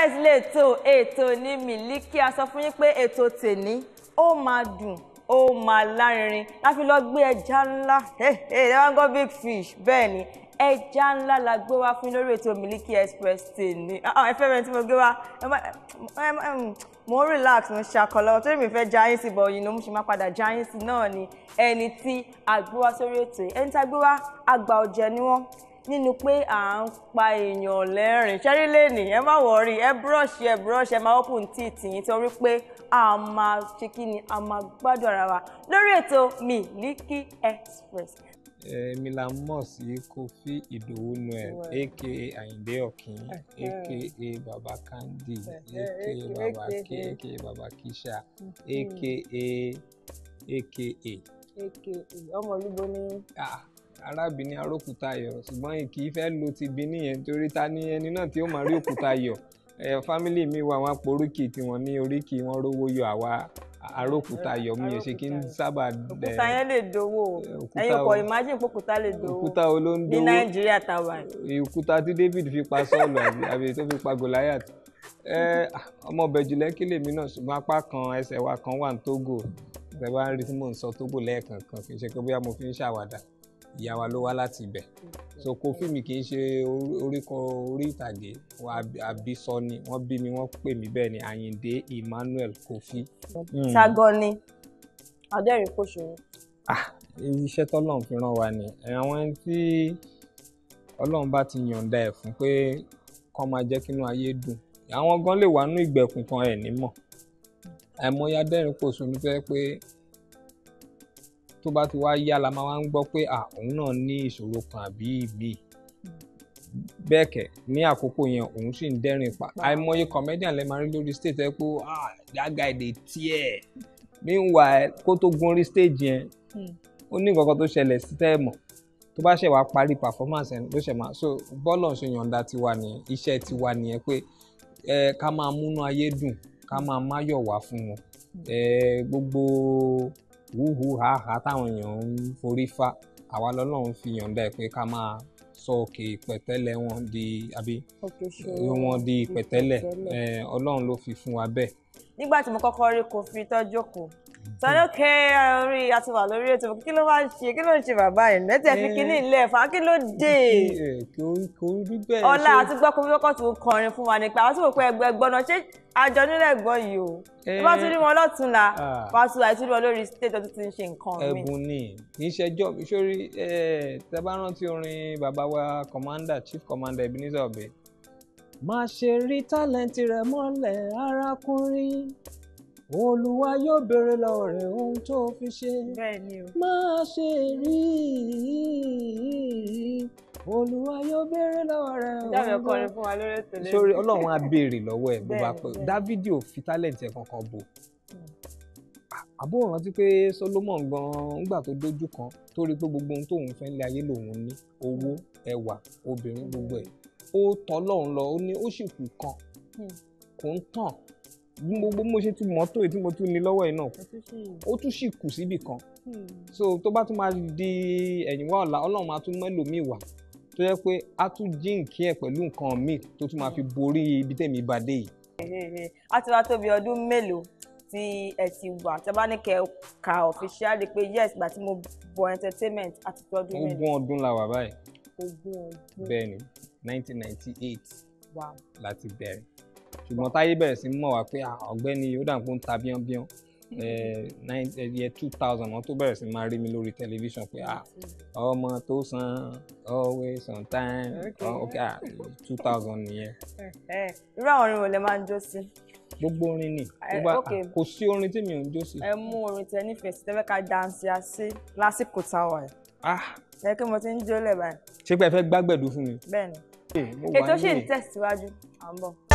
bẹ̀rẹ̀ sí lè tó ètò ní Miliki a sọ fún yín pé ètò tèní ó máa dùn ó máa lárinrin láfi lọ gbé ẹja ńlá ẹ wọn gbọ́ big fish bẹ́ẹ̀ ni ẹja ńlá la gbé wá fún lórí ètò Miliki Express tèmi ah, ah, ẹ fẹ́ mẹ́rin tí mo gbé wá mo ń relax mo ń ṣakọ lọ́wọ́ torí mi fẹ́ jáyín sí bọ̀ yìí ló mú ṣe máa padà jáyín sí náà ni ẹni tí a sórí ètò ẹni tí a àgbà ọ̀jẹ̀ ni wọ́n nínú pé à ń pa èèyàn lẹ́rìn ṣẹ́rí lẹ́nì ẹ má wọrí ẹ búrọ̀ṣì ẹ búrọ̀ṣì ẹ máa open tí tìyín torí pé a máa ṣe kí ni a máa gbádùn ara wa lórí ètò Miliki Express. èmi la mọ̀ sí Kofi Ìdòwú Noel aka Àyìndé Ọ̀kín aka Baba Kandi aka Baba K aka Baba Kisha mm-hmm. aka aka. aka ọmọ olúbo ni. Ah, arábìnrin arókúta yọ ṣùgbọ́n kì í fẹ́ lo ti bíní yẹn torí ta ni ẹni náà tí ó máa rí òkúta yọ ẹ fámìlì mi wà wọn poríkì tí wọn ní oríkì wọn rówó yọ àwa arókúta yọ mi ò ṣe kí n sábà òkúta yẹn lè dowó ẹyin kò imagine pé òkúta lè dowó òkúta olóńdó ní nàìjíríà tàwa yìí. òkúta tí david fi pa sọ́ọ̀lù àbí tó fi pa goliath ọmọ bẹ̀jùlẹ̀ kí lèmi náà ṣùgbọ́n apá kan ẹsẹ̀ wa kan wà ní togo ìjọba ń rí mò ń sọ togo lẹ́ẹ̀kọ̀ọ̀kan kì í ṣe pé bóyá mo fi ń ṣàwàdà ìyá wa ló wá láti ibẹ̀ so Kofi mi kì í ṣe oríkọ orí ìtàgé wọn àbísọ ni wọ́n bí mi wọ́n pè mí bẹ́ẹ̀ ni Àyìndé Emmanuel Kofi. Hmm. ṣàgọ́ ni adẹ́rìn Ah, iṣẹ́ tọ́lọ́run fi rán wa ni àwọn ẹni tí ọlọ́run bá ti yọ̀ǹda ẹ̀ fún pé kọ́ máa jẹ́ kínú ayé dùn àwọn gan lè wà nú ìgbèkùn kan ẹ̀ nímọ̀ àìmọye adẹ́rìn pòṣùwọ̀n fẹ́ pé tó bá ti wá yá la máa wá ń gbọ́ pé à òun náà ní ìṣòro kan àbí ìmíì bẹ́ẹ̀ kẹ̀ ní àkókò yẹn òun sì ń dẹ́rìn pa àìmọye comedian lè máa rí lórí stage ẹ pé ah that guy dey tear meanwhile kó tó gun orí stage yẹn hmm. ó ní nǹkan kan tó ṣẹlẹ̀ sí tẹ́ tó bá ṣe wá parí performance ẹ̀ ló ṣe máa so bọ́ọ̀lù ṣe yọ̀ǹda tiwa nìyẹn iṣẹ́ tiwa nìyẹn pé ẹ ká máa múnú ayé dùn ká máa máyọ̀ wá fún wọn hmm. ẹ gbogbo wúhu ha táwọn èèyàn ń forí fá àwa lọ́lọ́run fi yọ̀ǹda ẹ̀ pé ká máa sọ òkè ìpẹ̀tẹ́lẹ̀ wọn di àbí wọn di ìpẹ̀tẹ́lẹ̀ ọlọ́run ló fi fún wa bẹ́ẹ̀. nígbà tí mo kọ́kọ́ rí Koffi tó jókòó sọdọ kẹrẹ orí àtiwà lórí ètò kí ló máa ń ṣe kí ló ń ṣe bàbá yìí mẹtẹ fi eh. kíní ilé ẹfà kí ló dé. Eh, ọlá àti gbọ́kọ̀ bí wọ́kọ̀ tó ń kọrin fún wa nípa àwọn tí kò pẹ́ ẹgbẹ́ gbọ́nà ṣé àjọ nílẹ̀ gbọ́ yìí o bí wọ́n tún rí wọn lọ́túnla ah. wọ́n tún àìtú rí wọn lórí stage ọtún ti ń ṣe nǹkan mi. ẹ̀bùn ni kì í ṣẹjọ́ mi sórí tẹ́ bá orin bàbá wa commander chief commander Ebenezer Obey. má ṣe rí tálẹ́ǹtì rẹ̀ mọ́lẹ̀ arákùnrin olúwa yóò béèrè lọ́wọ́ rẹ̀ ohun tó fi ṣe máa ṣe rí olúwa yóò béèrè lọ́wọ́ rẹ̀ ohun tó fi ṣe. dábìá ọkọrin fún wa lórí ètò lẹ́yìn. sórí ọlọ́run á béèrè lọ́wọ́ ẹ̀ bó bá pẹ́ dávidi ò fi tálẹ̀ǹtì ẹ̀ kankan bò hmm. àbó rántí pé solomon gan-an ńgbà tó dojú kan tó rí pé gbogbo ohun tóun fẹ́ lé ayé lòun ní owó ẹwà obìnrin gbogbo ẹ̀ ó tọ́ lọ́run lọ ó ní ó sì kù kan hmm. kò ń tàn gbogbo mo ṣe tún mọ́tò yìí tí mo tún ní lọ́wọ́ yìí náà ó tún sì kù síbì kan hmm. so tó bá tún máa di ẹ̀yìn wá ọ̀la ọlọ́run máa tún mẹ́lòmíì wá tó yẹ pé a tún jíǹkí ẹ̀ pẹ̀lú nǹkan míì tó tún máa fi borí ibi tẹ̀mí ìbàdí yìí. a ti wá tóbi ọdún mélòó tí ẹ ti wà tí a bá ní kẹ ka officially pé yes gbà tí mo bọ entertainment àti tọ́jú mélòó. ogún ọdún la wà báyìí. ogún ọdún. bẹ́ẹ̀ni nineteen wow. láti bẹ̀rẹ̀ ṣùgbọ́n táyé bẹ̀rẹ̀ sí mọ̀ wá pé ah, ọ̀gbẹ́ni ó ń ta bíọ́nbíọ́n year two thousand wọn tó bẹ̀rẹ̀ sí máa rí mi lórí tẹlifíṣàn pé ah, ọmọ tó san always on ah, two thousand nìyẹn. irú àwọn orin wo lẹ máa ń jó sí gbogbo orin ni kò sí orin tí mi ò ń jó sí. ẹ mú orin tẹ nífẹ̀ẹ́ sí tẹ́fẹ́ ká dansi àṣẹ lásìkò táwa ẹ̀. ẹ kí mo ti ń jólẹ̀ báyìí. ṣé pé fẹ́ gbàgbẹ́dù fún mi. bẹ́ẹ̀ni ètò ṣì ń tẹ̀síwájú à